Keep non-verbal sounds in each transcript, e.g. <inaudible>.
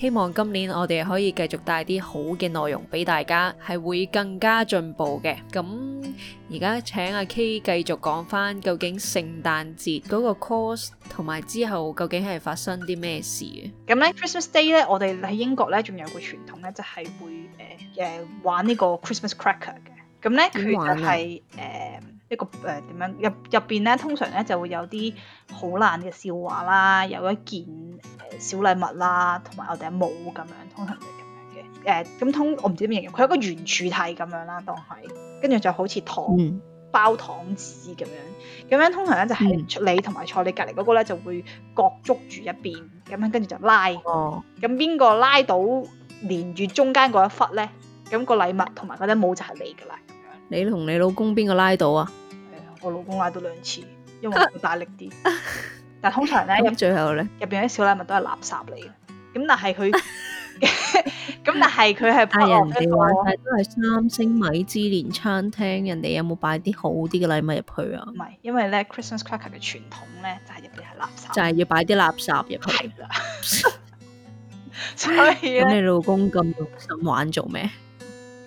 希望今年我哋可以繼續帶啲好嘅內容俾大家，係會更加進步嘅。咁而家請阿 K 繼續講翻，究竟聖誕節嗰個 course 同埋之後究竟係發生啲咩事？咁咧，Christmas Day 咧，我哋喺英國咧仲有一個傳統咧，就係、係、會誒誒、呃、玩，玩呢、就係呃這個 Christmas cracker 嘅。咁、呃、咧，佢就係誒一個誒點樣入入邊咧，通常咧就會有啲好爛嘅笑話啦，有一件。小禮物啦，同埋我哋嘅帽咁樣，通常就咁樣嘅。誒、欸，咁通我唔知點形容，佢一個圓柱體咁樣啦，當係，跟住就好似糖、嗯、包糖紙咁樣，咁樣通常咧就係、是、你同埋坐你隔離嗰個咧就會各捉住一邊，咁樣跟住就拉他，咁邊個拉到連住中間嗰一忽咧，咁、那個禮物同埋嗰頂帽就係你㗎啦。咁樣，你同你老公邊個拉到啊？誒、欸，我老公拉到兩次，因為佢大力啲。 <laughs> 但通常咧，咁最後咧，入邊啲小禮物都係垃圾嚟嘅。咁但係佢，咁 <laughs> <laughs> 但係佢係派人哋玩，the 但都係三星米芝蓮餐廳。人哋有冇擺啲好啲嘅禮物入去啊？唔係，因為咧，Christmas cracker 嘅傳統咧，就係入邊係垃圾，就係要擺啲垃圾入去。所以咁你老公咁咁玩做咩？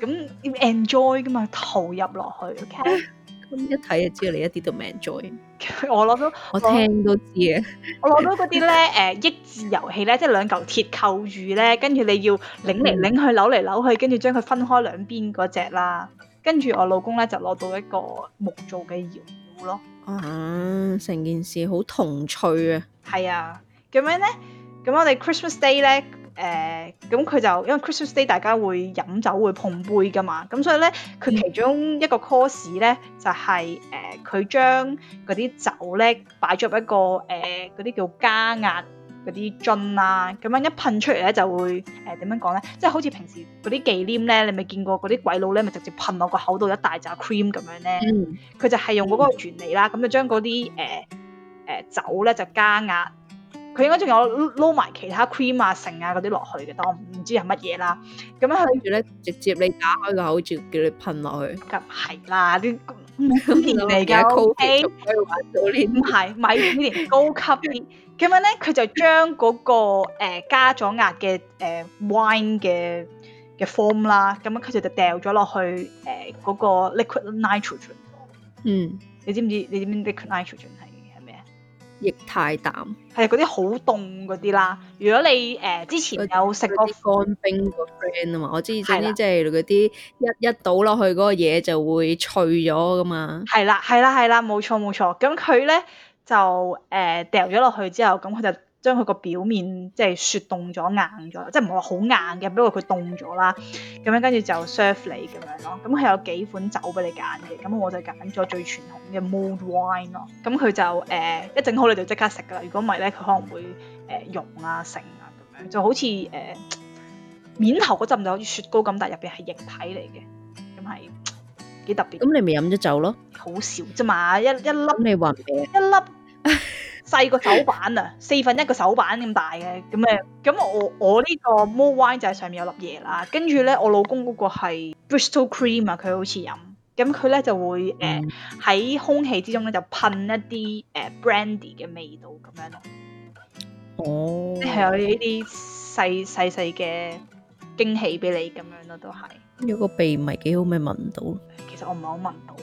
咁要 enjoy 噶嘛，投入落去。Okay? <laughs> 一睇就知道你一啲都 enjoy <laughs> 我攞到，我，我聽都知啊！ <laughs> 我攞到嗰啲咧，誒益智遊戲咧，即係兩嚿鐵扣住咧，跟住你要擰嚟擰去，扭嚟扭去，跟住將佢分開兩邊嗰隻啦。跟住我老公咧就攞到一個木造嘅搖搖咯。啊，成件事好童趣啊！係啊，咁樣咧，咁我哋 Christmas Day 咧。誒咁佢就因為 Christmas Day 大家會飲酒會碰杯㗎嘛，咁所以咧佢其中一個 course 咧就係誒佢將嗰啲酒咧擺咗入一個誒嗰啲叫加壓嗰啲樽啦。咁樣一噴出嚟咧就會誒點、呃、樣講咧，即、就、係、是、好似平時嗰啲忌廉咧，你咪見過嗰啲鬼佬咧咪直接噴落個口度一大罩 cream 咁樣咧，佢、嗯、就係用嗰個原理啦，咁就將嗰啲誒誒酒咧就加壓。佢應該仲有撈埋其他 cream 啊、剩啊嗰啲落去嘅，當唔知係乜嘢啦。咁樣跟住咧，直接你打開個口罩，叫你噴落去。咁係啦，啲咁年嚟嘅高級，唔係 <laughs> OK?，咪年高級啲。咁 <laughs> 樣咧，佢就將嗰、嗰個、呃、加咗壓嘅誒 wine 嘅嘅 form 啦，咁樣佢就掉咗落去誒嗰個 liquid nitrogen 度。嗯，你知唔知，你知唔知？你知唔知 liquid nitrogen？液太淡，係嗰啲好凍嗰啲啦。如果你誒、呃、之前有食過乾冰個 friend 啊嘛，我知即係即係嗰啲一一倒落去嗰個嘢就會脆咗㗎嘛。係啦係啦係啦，冇錯冇錯。咁佢咧就誒掉咗落去之後，咁佢就。將佢個表面即係雪凍咗硬咗，即係唔係話好硬嘅，不過佢凍咗啦。咁樣跟住就 serve 你咁樣咯。咁佢有幾款酒俾你揀嘅。咁我就揀咗最傳統嘅 mulled wine 咯。咁佢就誒一整好你就即刻食噶啦。如果唔係咧，佢可能會誒溶啊剩啊咁樣，就好似誒、呃、面頭嗰陣就好似雪糕咁，但入邊係液體嚟嘅，咁係幾特別。咁你咪飲咗酒咯？好少啫嘛，一一粒，一粒。 <laughs> 細個手板啊， <laughs> 四分一個手板咁大嘅，咁誒，咁我我呢個 More Wine 就係上面有粒嘢啦，跟住咧我老公嗰個係 Bristol Cream 啊，佢好似飲，咁佢咧就會誒喺、嗯呃、空氣之中咧就噴一啲誒、呃、brandy 嘅味道咁樣咯。哦，即係有呢啲細細細嘅驚喜俾你咁樣咯，都係。你個鼻唔係幾好咪聞到？其實我唔係好聞到，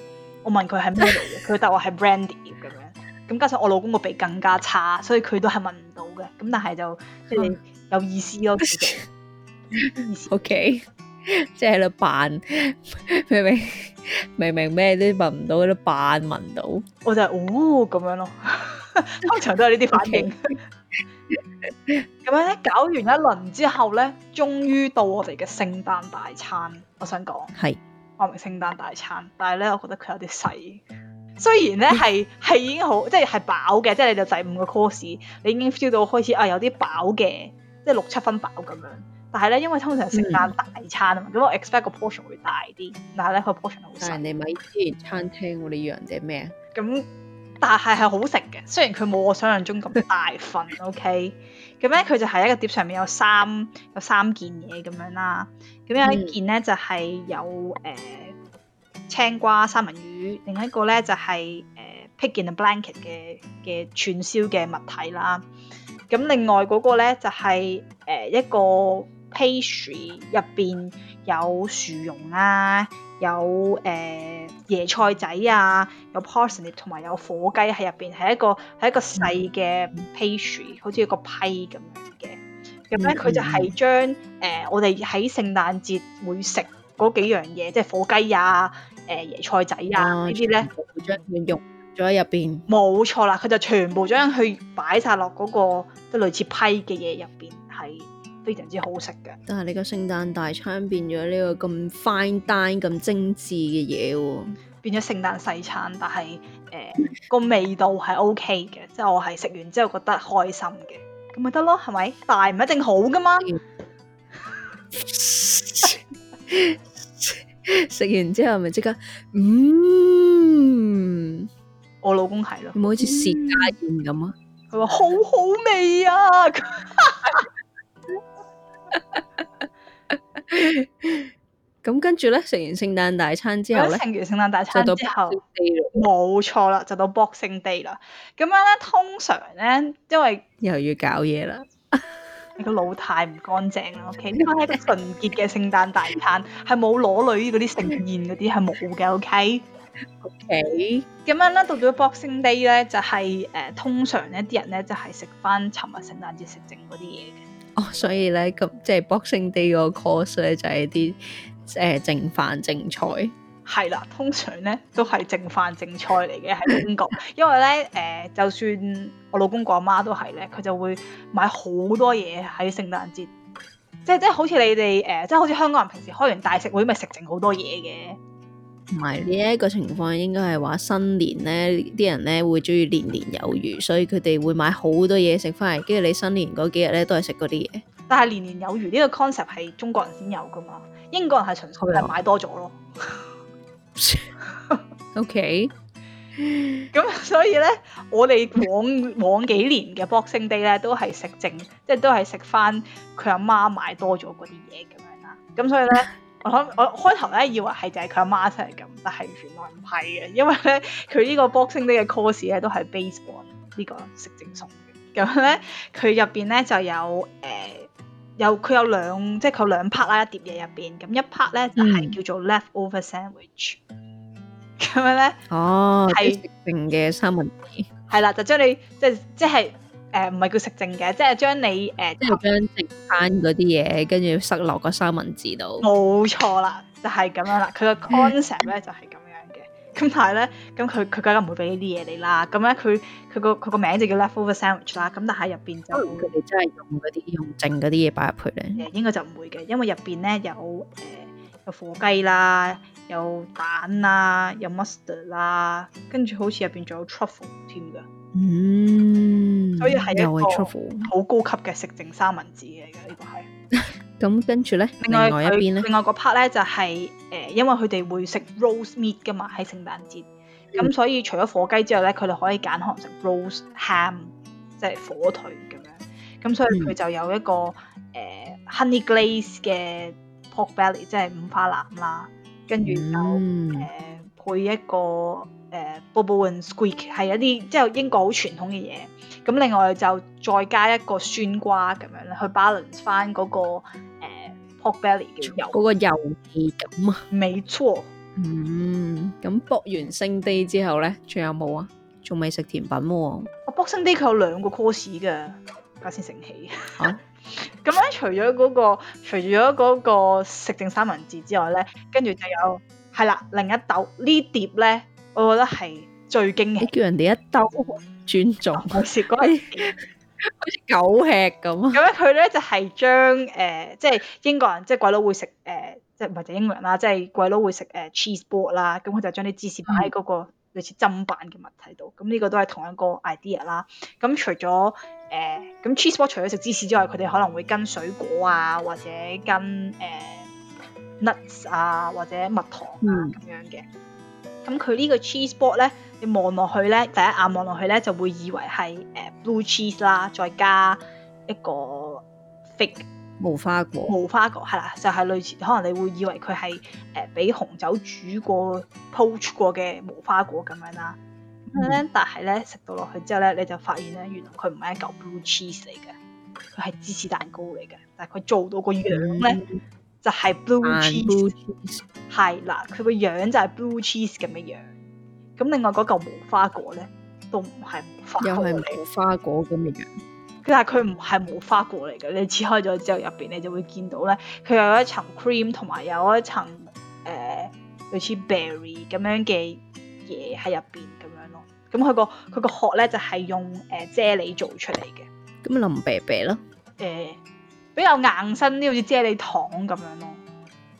我問佢係咩嚟嘅，佢答我 <laughs> 係 brandy 咁樣。咁加上我老公個鼻更加差，所以佢都係聞唔到嘅。咁但係就即係有意思咯，自己、嗯、 <laughs> 意思。O、okay, K，即係喺度扮，明明明明咩都聞唔到，喺度扮聞到。我就係、是、哦咁樣咯， <laughs> 通常都係呢啲反應。咁 Okay. <laughs> 樣咧，搞完一輪之後咧，終於到我哋嘅聖誕大餐。我想講係，是我明聖誕大餐，但係咧，我覺得佢有啲細。雖然咧係係已經好，即係係飽嘅，即係你就第五個 course，你已經 feel 到開始啊有啲飽嘅，即係六七分飽咁樣。但係咧，因為通常食間大餐啊嘛，咁、嗯、我 expect 個 portion 會大啲。但係咧，佢 portion 好細。人哋米芝蓮餐廳，我哋以為人哋咩啊？咁但係係好食嘅，雖然佢冇我想象中咁大份。 <laughs> OK，咁咧佢就係一個碟上面有三有三件嘢咁樣啦。咁有一件咧、嗯、就係有誒。呃青瓜三文魚，另一個咧就係誒 pigs in blanket 嘅嘅串燒嘅物體啦。咁另外嗰個咧就係、是、誒、呃、一個 pastry 入邊有薯蓉啊，有誒、呃、椰菜仔啊，有 parsnip 同埋有，有火雞喺入邊，係一個係一個細嘅 pastry，好似個 pie 咁樣嘅。咁咧佢就係將誒、呃、我哋喺聖誕節會食嗰幾樣嘢，即係火雞啊～誒椰菜仔啊！哦、呢啲咧，將佢用咗喺入邊。冇錯啦，佢就全部將佢擺晒落嗰個都類似批嘅嘢入邊，係非常之好食嘅。但係你個聖誕大餐變咗呢個咁 fine dine 咁精緻嘅嘢喎，變咗聖誕細餐，但係誒個味道係 OK 嘅，即係 <laughs> 我係食完之後覺得開心嘅，咁咪得咯，係咪？大唔一定好㗎嘛。 <laughs> <laughs> 食 <laughs> 完之後咪即刻，嗯，我老公係咯，冇好似薛家健咁啊。佢話好好味啊，咁跟住咧食完聖誕大餐之後咧，食完聖誕大餐就到之後，冇錯啦，就到 Boxing Day 啦。咁 <laughs> 樣咧，通常咧，因為又要搞嘢啦。個腦太唔乾淨啦，OK？呢個係一個純潔嘅聖誕大餐 <laughs> 裸裸，係冇裸女嗰啲盛宴嗰啲係冇嘅，OK？OK？咁樣咧，到咗 Boxing Day 咧，就係、是、誒、呃，通常咧啲人咧就係食翻尋日聖誕節食剩嗰啲嘢嘅。哦，oh, 所以咧咁即係 Boxing Day 個 course 咧就係啲誒剩飯剩菜。係啦，通常咧都係剩飯剩菜嚟嘅，喺英國， <laughs> 因為咧誒、呃，就算我老公個阿媽都係咧，佢就會買好多嘢喺聖誕節，即係即係好似你哋誒，即係好似、呃、香港人平時開完大食會，咪食剩好多嘢嘅。唔係呢一個情況應該係話新年咧，啲人咧會中意年年有餘，所以佢哋會買好多嘢食翻嚟，跟住你新年嗰幾日咧都係食嗰啲嘢。但係年年有餘呢、呢個 concept 係中國人先有噶嘛，英國人係純粹係、oh. 買多咗咯。OK 咁所以咧，我哋往往幾年嘅 boxing day 咧，都係食正，即係都係食翻佢阿媽買多咗嗰啲嘢咁樣啦。咁所以咧，我諗我開頭咧以為係就係佢阿媽出嚟咁，但係原來唔係嘅，因為咧佢呢個 boxing day 嘅 course 咧都係 based on 呢個食正餸嘅。咁咧佢入邊咧就有誒。呃有佢有兩即係佢有兩 part 啦，一碟嘢入邊，咁一 part 咧就係、是、叫做 leftover sandwich，咁、嗯、樣咧，哦，係是食剩嘅三文治，係啦，就將你即係即係誒唔係叫食剩嘅，即係將你誒、呃、即係將剩翻啲嘢，跟住塞落個三文治度，冇錯啦，就係、是、咁樣啦，佢個 concept 咧就係咁。嗯咁但係咧，咁佢佢梗係唔會俾呢啲嘢你啦。咁咧，佢佢個佢個名就叫 Leftover Sandwich 啦。咁但係入邊就佢哋真係用嗰啲用剩嗰啲嘢擺入去咧？誒，應該就唔會嘅，因為入邊咧有誒、呃、有火雞啦，有蛋啦、有 mustard 啦，跟住好似入邊仲有 truffle 添㗎。嗯，所以係 truffle 好高級嘅食剩三文治嚟嘅呢個係。 <laughs> 咁跟住咧，另外，另外一另外嗰 part 咧就係、是、誒、呃，因為佢哋會食 roast meat 嘅嘛，喺聖誕節，咁、嗯、所以除咗火雞之後咧，佢哋可以揀可能食 roast ham，即係火腿咁樣，咁所以佢就有一個誒、嗯呃、honey glaze 嘅 pork belly，即係五花腩啦，跟住就誒、嗯呃、配一個誒、呃、bubble and squeak，係一啲即係英國好傳統嘅嘢，咁另外就再加一個酸瓜咁樣，去 balance 翻、那、嗰個。Pork belly 嘅油，嗰個油味感啊，沒錯。嗯，咁博完聖地之後咧，仲有冇啊？仲未食甜品喎。我博聖地佢有兩個 course 噶，家先醒起。吓，咁咧除咗嗰個，除咗嗰個食剩三文治之外咧，跟住就有係啦，另一兜呢碟咧，我覺得係最驚喜嘅，叫人哋一兜尊重好食鬼。好似 <laughs> 狗吃咁，咁咧佢咧就係將誒，即係英國人，即係鬼佬會食誒、呃，即係唔係就英國人啦，即係鬼佬會食誒 cheese board 啦。咁佢就將啲芝士擺喺嗰個類似砧板嘅物體度。咁呢、嗯、個都係同一個 idea 啦。咁除咗誒，咁 cheese board 除咗食芝士之外，佢哋可能會跟水果啊，或者跟誒、呃、nuts 啊，或者蜜糖咁、啊嗯、樣嘅。咁佢呢個 cheese board 咧，你望落去咧，第一眼望落去咧，就會以為係誒、呃、blue cheese 啦，再加一個 fig 無花果，無花果係啦，就係、是、類似，可能你會以為佢係誒俾紅酒煮過 poach 過嘅無花果咁樣啦。咁咧、嗯，但係咧食到落去之後咧，你就發現咧，原來佢唔係一嚿 blue cheese 嚟嘅，佢係芝士蛋糕嚟嘅，但係佢做到個樣咧。嗯就係 blue cheese，係嗱，哎，佢個樣就係 blue cheese 咁嘅樣。咁另外嗰嚿無花果咧，都唔係無花果又係無花果咁嘅樣。但係佢唔係無花果嚟嘅，你切開咗之後入邊，你就會見到咧，佢有一層 cream 同埋有，有一層誒、呃、類似 berry 咁樣嘅嘢喺入邊咁樣咯。咁佢個佢個殼咧就係、是、用誒、呃、啫喱做出嚟嘅。咁林伯伯咯。誒、呃。比較硬身啲，好似啫喱糖咁樣咯，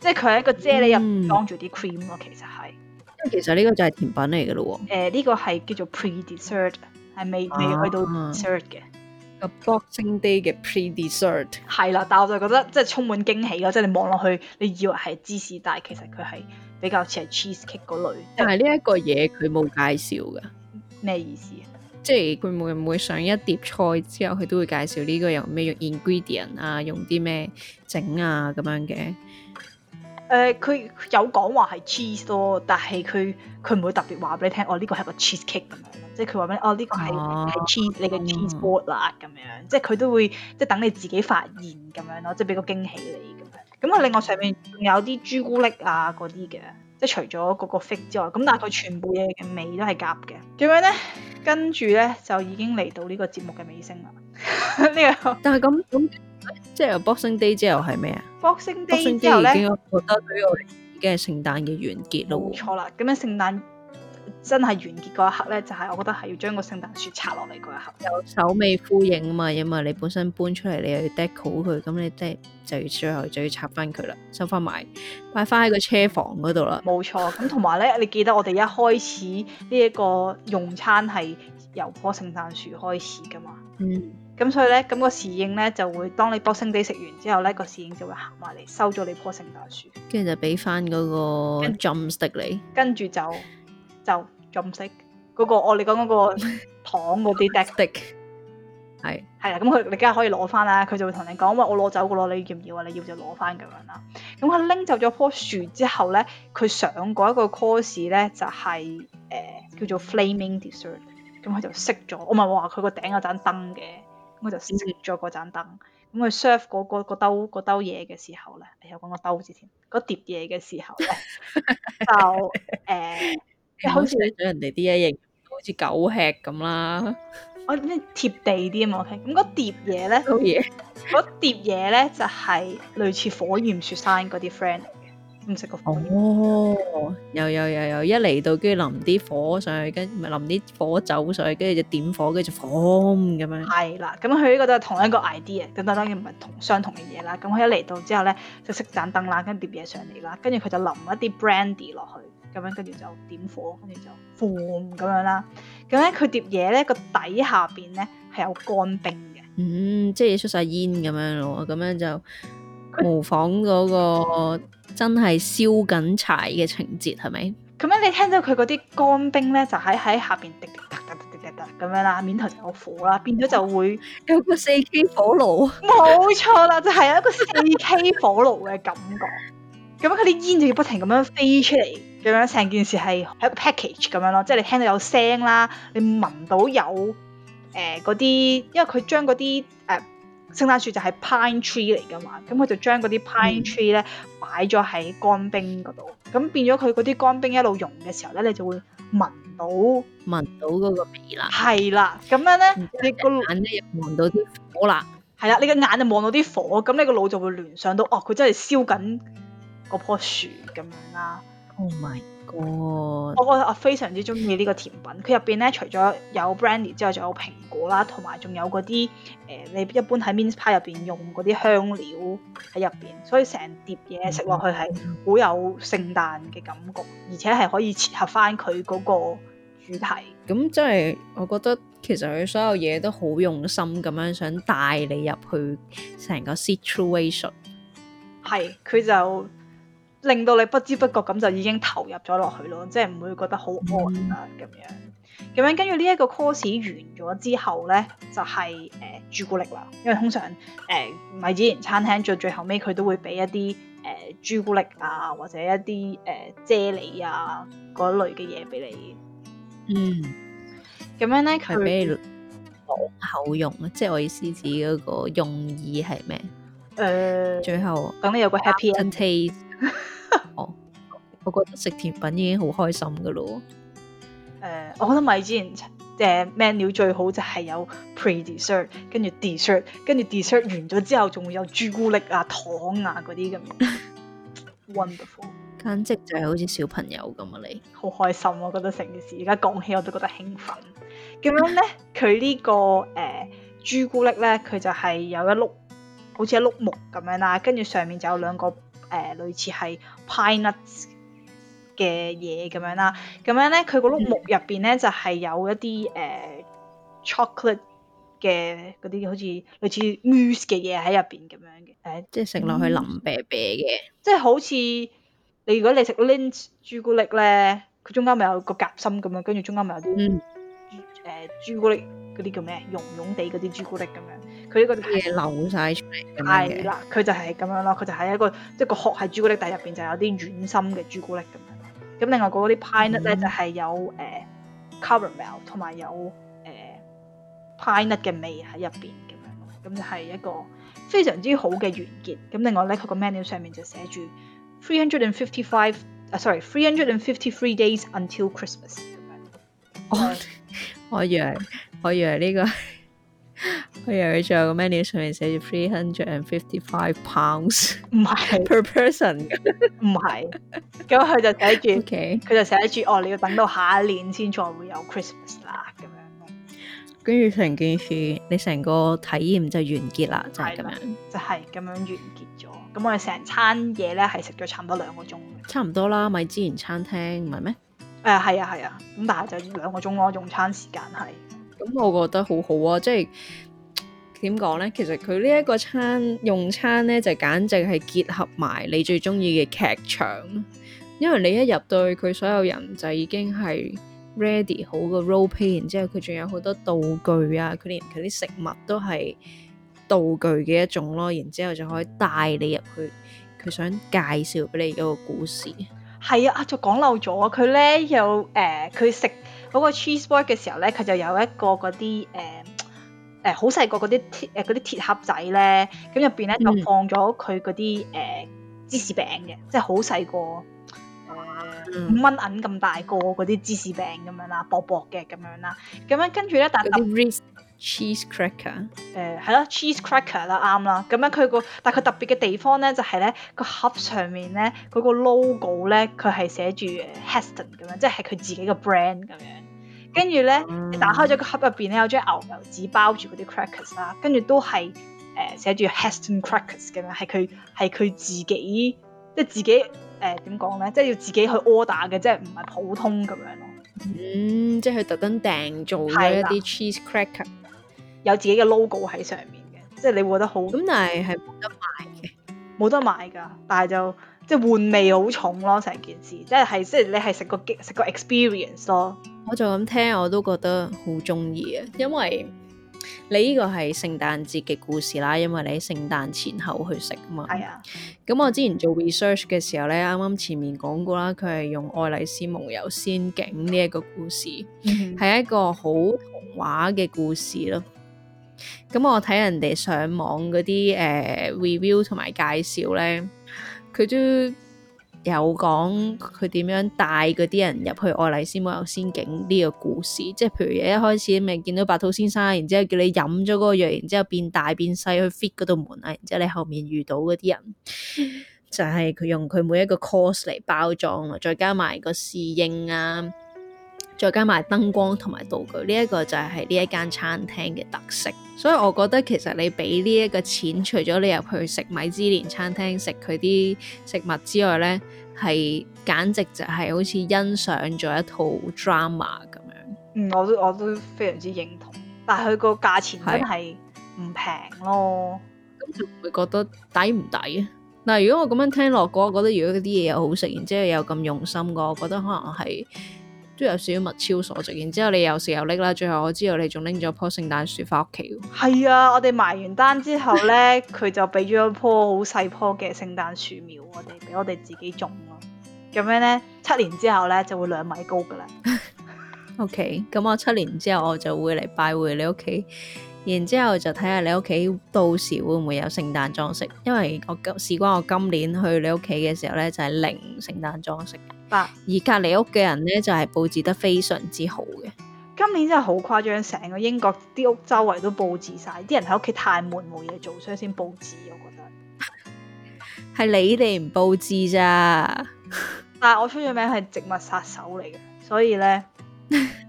即係佢係一個啫喱入面裝住啲 cream 咯，其實係，因為其實呢個就係甜品嚟嘅咯，誒呢、呃這個係叫做 pre-dessert，係未未去、啊、到 dessert 嘅，個 boxing day 嘅 pre-dessert，係啦，但係我就覺得即係充滿驚喜咯，即係你望落去，你以為係芝士，但係其實佢係比較似係 cheesecake 嗰類，但係呢一個嘢佢冇介紹噶，咩意思啊？即係佢唔每上一碟菜之後，佢都會介紹呢個有咩用 ingredient 啊，用啲咩整啊咁樣嘅。誒、呃，佢有講話係 cheese 多，但係佢佢唔會特別話俾你聽，哦呢、這個係個 cheese cake 咁樣。即係佢話俾你哦呢、這個係 cheese、哦、你嘅 cheese board 啊咁樣。即係佢都會即係等你自己發現咁樣咯，即係俾個驚喜你咁樣。咁啊，另外上面仲有啲朱古力啊嗰啲嘅，即係除咗嗰個 fig 之外，咁但係佢全部嘢嘅味都係夾嘅，點解咧？跟住咧就已經嚟到呢個節目嘅尾聲啦。呢、 <laughs> 這個但係咁咁，即係由 boxing day 之後係咩啊？boxing day 之後咧，覺得對於我已經係聖誕嘅完結啦。冇錯啦，咁樣聖誕。真係完結嗰一刻咧，就係、是、我覺得係要將個聖誕樹拆落嚟嗰一刻，有手尾呼應啊嘛，因為你本身搬出嚟，你又要 decor 佢，咁你即係就要最後就要拆翻佢啦，收翻埋，擺翻喺個車房嗰度啦。冇錯，咁同埋咧，你記得我哋一開始呢一個用餐係由棵聖誕樹開始噶嘛？嗯。咁所以咧，咁、個侍應咧就會當你波星地食完之後咧，個侍應就會行埋嚟收咗你棵聖誕樹，跟住就俾翻嗰個 jamstick 你，跟住就。就浸色嗰個我哋講嗰個糖嗰啲 dessert，係係啦，咁佢你梗係可以攞翻啦，佢就會同你講，喂，我攞走個咯，你要唔要啊？你要，要就攞翻咁樣啦。咁佢拎走咗棵樹之後咧，佢上過一個 course 咧，就係、是、誒、呃、叫做 flaming dessert。咁、哦、佢就熄咗、那個，我咪係話佢個頂有盞燈嘅，咁佢就熄咗嗰盞燈。咁佢 serve 嗰個兜兜嘢嘅時候咧，又講個兜字添，嗰碟嘢嘅時候咧，就誒。好似食咗人哋啲嘢，好似狗吃咁啦。我呢 <laughs> 貼地啲啊嘛，咁、okay？嗰碟嘢咧，嗰 <laughs> <laughs> 碟嘢咧就係、是、類似火焰雪山嗰啲 friend 嚟嘅。唔食個火哦，又又又又一嚟到，跟住淋啲火上去，跟唔係淋啲火酒上去，跟住就點火，跟住就放咁樣。係啦，咁佢呢個都係同一個 idea，咁等當然唔係同，同相同嘅嘢啦。咁佢一嚟到之後咧，就熄盞燈啦，跟住碟嘢上嚟啦，跟住佢就淋一啲 brandy 落去。咁樣跟住就點火，跟住就放咁樣啦。咁咧佢碟嘢咧個底下邊咧係有乾冰嘅。嗯，即係出晒煙咁樣咯。咁樣就模仿嗰個真係燒緊柴嘅情節係咪？咁樣你聽到佢嗰啲乾冰咧就喺喺下邊滴滴答答滴滴答答咁樣啦，面頭就有火啦，變咗就會有個四 K 火爐。冇錯啦，就係有一個四 K 火爐嘅感覺。咁 <laughs> 樣佢啲煙就要不停咁樣飛出嚟。咁樣成件事係係一個 package 咁樣咯，即係你聽到有聲啦，你聞到有誒嗰啲，因為佢將嗰啲誒聖誕樹就係 pine tree 嚟噶嘛，咁佢就將嗰啲 pine tree 咧擺咗喺乾冰嗰度，咁變咗佢嗰啲乾冰一路溶嘅時候咧，你就會聞到聞到嗰個皮啦，係啦，咁樣咧你個眼咧又望到啲火啦，係啦，你個眼就望到啲火，火，咁你個腦就會聯想到哦，佢真係燒緊嗰棵樹咁樣啦。哦、oh、My God！我覺得我非常之中意呢個甜品，佢入邊咧除咗有 Brandy 之外，仲有蘋果啦，同埋仲有嗰啲誒，你一般喺 mince pie 入邊用嗰啲香料喺入邊，所以成碟嘢食落去係好有聖誕嘅感覺，而且係可以切合翻佢嗰個主題。咁即係，我覺得其實佢所有嘢都好用心咁樣想帶你入去成個 situation。係，佢就。令到你不知不覺咁就已經投入咗落去咯，即係唔會覺得好安啊咁樣。咁樣跟住呢一個 course 完咗之後呢，就係、是、誒、呃、朱古力啦。因為通常誒米芝蓮餐廳最最後尾佢都會俾一啲誒、呃、朱古力啊，或者一啲誒、呃、啫喱啊嗰類嘅嘢俾你。嗯，咁樣呢，佢係俾你講口用，即係我意思指嗰個用意係咩？誒、呃，最後等你有個 happy ending。 <laughs> 哦，我覺得食甜品已經好開心噶咯。誒，uh, 我覺得米芝蓮即係 menu 最好就係有 pre dessert 跟住 dessert 跟住 dessert dess 完咗之後仲會有朱古力啊、糖啊嗰啲咁樣。 <laughs> Wonderful，簡直就係好似小朋友咁啊！你好開心、啊，我覺得成件事而家講起我都覺得興奮。咁樣咧，佢、 <laughs> 這個呃、呢個誒朱古力咧，佢就係有一碌好似一碌木咁樣啦、啊，跟住上面就有兩個。誒、呃、類似係 pine nuts 嘅嘢咁樣啦，咁樣咧佢個碌木入邊咧就係有一啲誒 chocolate 嘅嗰啲好似類似 mousse 嘅嘢喺入邊咁樣嘅，誒、嗯、即係食落去淋啤啤腍啤啤嘅，即係好似你如果你食 lindt 朱古力咧，佢中間咪有個夾心咁樣，跟住中間咪有啲誒朱古力嗰啲叫咩，溶溶地嗰啲朱古力咁樣。佢呢個啲嘢流曬出嚟，係啦，佢就係咁樣咯，佢就係一個即係個殼係朱古力，但係入邊就有啲軟心嘅朱古力咁樣。咁另外嗰啲 pine nut 咧就係有誒 caramel 同埋有誒 pine nut 嘅味喺入邊咁樣，咁就係一個非常之好嘅完結。咁另外咧，佢個 menu 上面就寫住 three hundred and fifty five 啊，sorry three hundred and fifty three days until Christmas。我我以為我以為呢個。佢又喺最後個 menu 上面寫住 three hundred and fifty five pounds，唔係 per person，唔係咁佢就寫住佢就寫住哦，你要等到下一年先再會有 Christmas 啦咁樣。跟住成件事，你成個體驗就完結啦，的就係咁樣，就係咁樣完結咗。咁我哋成餐嘢咧係食咗差唔多兩個鐘，差唔多啦。米芝蓮餐廳唔係咩？誒係啊係啊，咁、呃、但係就兩個鐘咯，用餐時間係咁，我覺得好好啊，即係。點講咧？其實佢呢一個餐用餐咧，就簡直係結合埋你最中意嘅劇場，因為你一入到去，佢所有人就已經係 ready 好個 role play，然之後佢仲有好多道具啊！佢連佢啲食物都係道具嘅一種咯，然之後就可以帶你入去，佢想介紹俾你嗰個故事。係啊，啊就講漏咗啊！佢咧有誒，佢食嗰個 cheese board 嘅時候咧，佢就有一個嗰啲誒。誒好細個嗰啲鐵誒啲鐵盒仔咧，咁入邊咧就放咗佢嗰啲誒芝士餅嘅，即係好細個五蚊銀咁大個嗰啲芝士餅咁樣啦，薄薄嘅咁樣，樣那、er 呃、啦，咁樣跟住咧，但係特別 cheese cracker 誒係咯 cheese cracker 啦啱啦，咁樣佢、個但係佢特別嘅地方咧就係咧個盒上面咧嗰個 logo 咧佢係寫住 Heston 咁樣，即係佢自己嘅 brand 咁樣。跟住咧，呢嗯、你打開咗個盒入邊咧，有張牛油紙包住嗰啲 crackers 啦。跟住都係誒寫住 Heston crackers 咁樣，係佢係佢自己即係自己誒點講咧，即係要自己去 order 嘅，即係唔係普通咁樣咯。嗯，即係佢特登訂做咗一啲的 cheese cracker，有自己嘅 logo 喺上面嘅，即係你會覺得好。咁但係係冇得賣嘅，冇得賣㗎，但係就。即係換味好重咯，成件事即係，即係你係食個食個 experience 咯。我就咁聽，我都覺得好中意啊。因為你呢個係聖誕節嘅故事啦，因為你喺聖誕前後去食啊嘛。係啊。咁我之前做 research 嘅時候咧，啱啱前面講過啦，佢係用《愛麗絲夢遊仙境》呢一個故事，係 <laughs> 一個好童話嘅故事咯。咁我睇人哋上網嗰啲誒、呃、review 同埋介紹咧。佢都有講佢點樣帶嗰啲人入去愛麗絲夢遊仙境呢個故事，即係譬如一開始未見到白兔先生，然之後叫你飲咗嗰個藥，然之後變大變細去 fit 嗰道門啊，然之後你後面遇到嗰啲人，就係、是、佢用佢每一個 course 嚟包裝，再加埋個侍應啊。再加埋燈光同埋道具，呢一個就係呢一間餐廳嘅特色。所以我覺得其實你俾呢一個錢，除咗你入去食米芝蓮餐廳食佢啲食物之外呢，係簡直就係好似欣賞咗一套 drama 咁樣。嗯，我都我都非常之認同。但係佢個價錢真係唔平咯。咁會覺得抵唔抵啊？嗱，但如果我咁樣聽落，我覺得如果啲嘢又好食，然之後又咁用心嘅，我覺得可能係。都有少少物超所值，然之後你又食又拎啦，最後我知道你仲拎咗棵聖誕樹翻屋企。係啊，我哋埋完單之後呢，佢 <laughs> 就俾咗棵好細棵嘅聖誕樹苗，我哋俾我哋自己種咯。咁樣呢，七年之後呢就會兩米高噶啦。O K，咁我七年之後我就會嚟拜會你屋企，然之後就睇下你屋企到時會唔會有聖誕裝飾，因為我事關我今年去你屋企嘅時候呢，就係零聖誕裝飾。而隔籬屋嘅人咧，就係、是、佈置得非常之好嘅。今年真係好誇張，成個英國啲屋周圍都佈置晒，啲人喺屋企太悶，冇嘢做，所以先佈置。我覺得係 <laughs> 你哋唔佈置咋、嗯，但係我出咗名係植物殺手嚟嘅，所以咧 <laughs>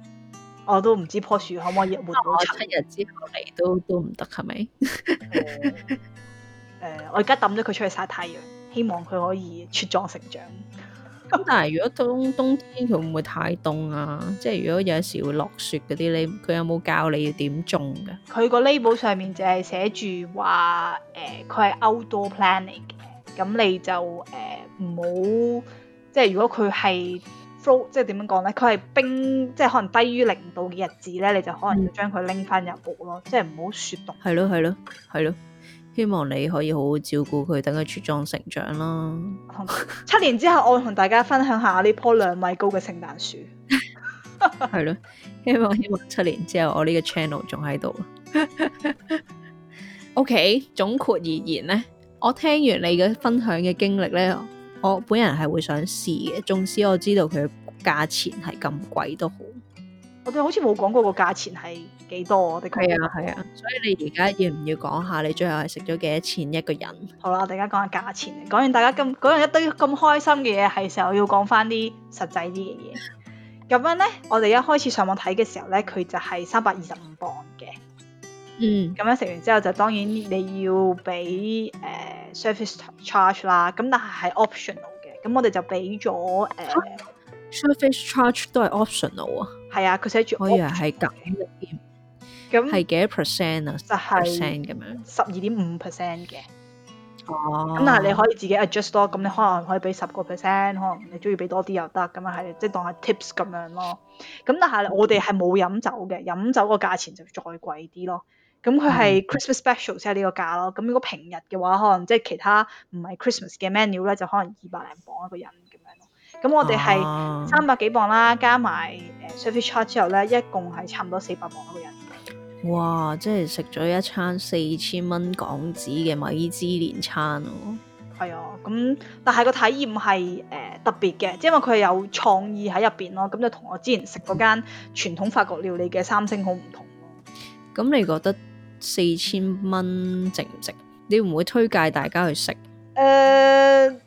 我都唔知棵樹可唔可以活到七日之後嚟都都唔得，係咪？誒、 <laughs> 呃，我而家抌咗佢出去曬太陽，希望佢可以茁壯成長。咁 <laughs> 但係如果冬冬天佢唔會太凍啊？即係如果有時會落雪嗰啲，你，佢有冇教你要點種嘅？佢個 label 上面就係寫住話誒，佢係 outdoor plant 嘅。咁你就誒唔好，即係如果佢係 flow，即係點樣講咧？佢係冰，即係可能低於零度嘅日子咧，你就可能要將佢拎翻入屋咯，嗯、即係唔好雪凍。係咯係咯係咯。希望你可以好好照顧佢，等佢茁壯成長啦。七年之後，我同大家分享下呢棵兩米高嘅聖誕樹係咯。希望希望七年之後我這這，我呢個 channel 仲喺度。OK，總括而言呢，我聽完你嘅分享嘅經歷呢，我本人係會想試嘅，縱使我知道佢價錢係咁貴都好。我哋好似冇講過個價錢係幾多，我哋。係啊，係啊。所以你而家要唔要講下你最後係食咗幾多錢一個人？好啦，我哋而家講下價錢。講完大家咁，講完一堆咁開心嘅嘢，係時候要講翻啲實際啲嘅嘢。咁 <laughs> 樣咧，我哋一開始上網睇嘅時候咧，佢就係三百二十五磅嘅。嗯。咁樣食完之後，就當然你要俾誒、呃、service charge 啦。咁但係係 optional 嘅。咁我哋就俾咗誒 service charge 都係 optional 啊。係啊，佢寫住，可以啊，係咁嘅添，咁係幾多 percent 啊？就係咁樣，十二點五 percent 嘅。哦，咁但係你可以自己 adjust 多，咁你可能可以俾十個 percent，可能你中意俾多啲又得，咁啊係即係當係 tips 咁樣咯。咁但係我哋係冇飲酒嘅，飲酒個價錢就再貴啲咯。咁佢係 Christmas special 即係呢個價咯。咁如果平日嘅話，可能即係其他唔係 Christmas 嘅 menu 咧，就可能二百零磅一個人。咁我哋係三百幾磅啦，啊、加埋誒 service charge 之後咧，一共係差唔多四百磅一個人的。哇！即係食咗一餐四千蚊港紙嘅米芝蓮餐喎。係啊，咁、嗯、但係個體驗係誒、呃、特別嘅，因為佢有創意喺入邊咯。咁就同我之前食嗰間傳統法國料理嘅三星好唔同，啊。咁你覺得四千蚊值唔值？你會唔會推介大家去食？誒、呃。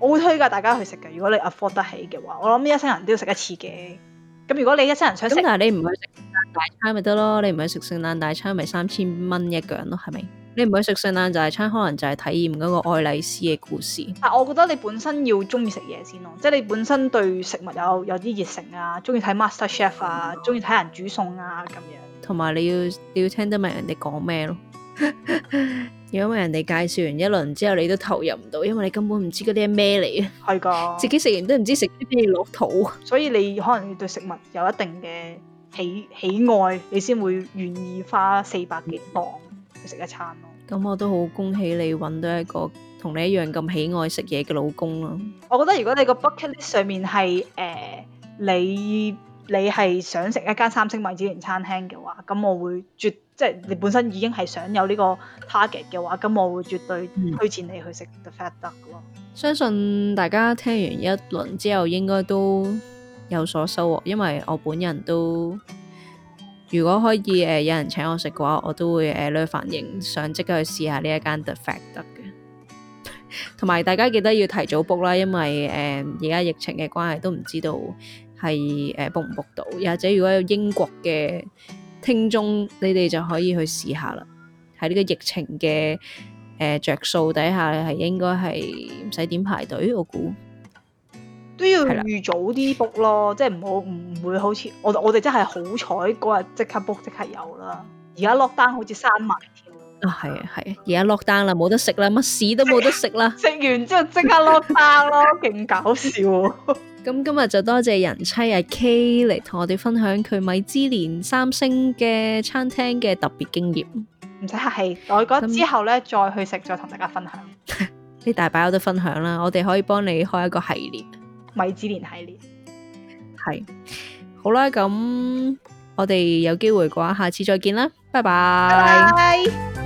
我會推介大家去食嘅。如果你 afford 得起嘅話，我諗一生人都要食一次嘅。咁如果你一生人想食，咁但係你唔去食聖誕大餐咪得咯？你唔去食聖誕大餐，咪三千蚊一個人咯，係咪？你唔去食聖誕大餐，可能就係體驗嗰個愛麗絲嘅故事。但我覺得你本身要中意食嘢先咯，即係你本身對食物有有啲熱誠啊，中意睇 Master Chef 啊，中意睇人煮餸啊咁樣。同埋你要你要聽得明人哋講咩咯？ <laughs> 因為人哋介紹完一輪之後，你都投入唔到，因為你根本唔知嗰啲係咩嚟啊。係噶的，自己食完都唔知食啲咩落肚，所以你可能對食物有一定嘅喜喜愛，你先會願意花四百幾鎊去食一餐咯。咁我都好恭喜你揾到一個同你一樣咁喜愛食嘢嘅老公咯。我覺得如果你個 bucket list 上面係誒、呃、你。你係想食一間三星米芝蓮餐廳嘅話，咁我會絕，即係你本身已經係想有呢個 target 嘅話，咁我會絕對推薦你去食 The Fat Duck 咯、嗯。相信大家聽完一輪之後，應該都有所收穫，因為我本人都如果可以誒有人請我食嘅話，我都會誒、呃、反應想即刻去試下呢一間 The Fat Duck 嘅。同埋大家記得要提早 book 啦，因為誒而家疫情嘅關係都唔知道。係誒 book 唔 book 到，又或者如果有英國嘅聽眾，你哋就可以去試下啦。喺呢個疫情嘅誒着數底下，係應該係唔使點排隊，我估都要預早啲 book 咯，的即係唔好唔會好似我我哋真係好彩嗰日即刻 book 即刻有啦。而家落單好似三萬。啊，係啊，係啊，而家落單啦，冇得食啦，乜屎都冇得食啦。食完之後即刻落單咯，勁 <laughs> 搞笑。咁今日就多謝人妻阿 k 嚟，同我哋分享佢米芝蓮三星嘅餐廳嘅特別經驗。唔使客氣，我覺得之後咧、嗯、再去食再同大家分享。呢 <laughs> 大把有得分享啦，我哋可以幫你開一個系列，米芝蓮系列。係好啦，咁我哋有機會嘅話，下次再見啦，拜拜。Bye bye